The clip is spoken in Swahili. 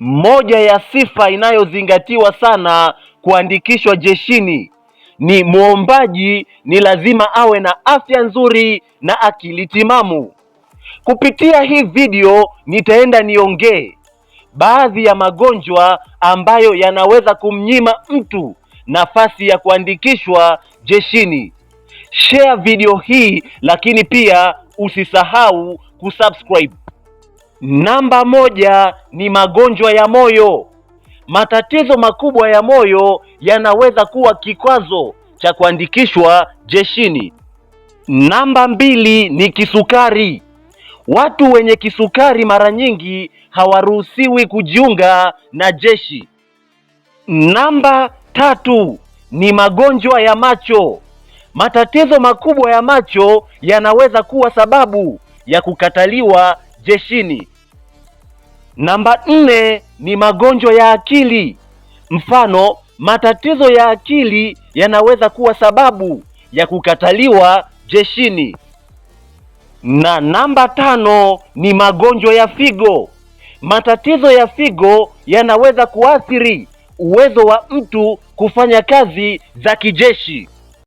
Moja ya sifa inayozingatiwa sana kuandikishwa jeshini ni mwombaji ni lazima awe na afya nzuri na akili timamu. Kupitia hii video nitaenda niongee baadhi ya magonjwa ambayo yanaweza kumnyima mtu nafasi ya kuandikishwa jeshini. Share video hii, lakini pia usisahau kusubscribe. Namba moja ni magonjwa ya moyo. Matatizo makubwa ya moyo yanaweza kuwa kikwazo cha kuandikishwa jeshini. Namba mbili ni kisukari. Watu wenye kisukari mara nyingi hawaruhusiwi kujiunga na jeshi. Namba tatu ni magonjwa ya macho. Matatizo makubwa ya macho yanaweza kuwa sababu ya kukataliwa jeshini. Namba nne ni magonjwa ya akili. Mfano, matatizo ya akili yanaweza kuwa sababu ya kukataliwa jeshini. Na namba tano ni magonjwa ya figo. Matatizo ya figo yanaweza kuathiri uwezo wa mtu kufanya kazi za kijeshi.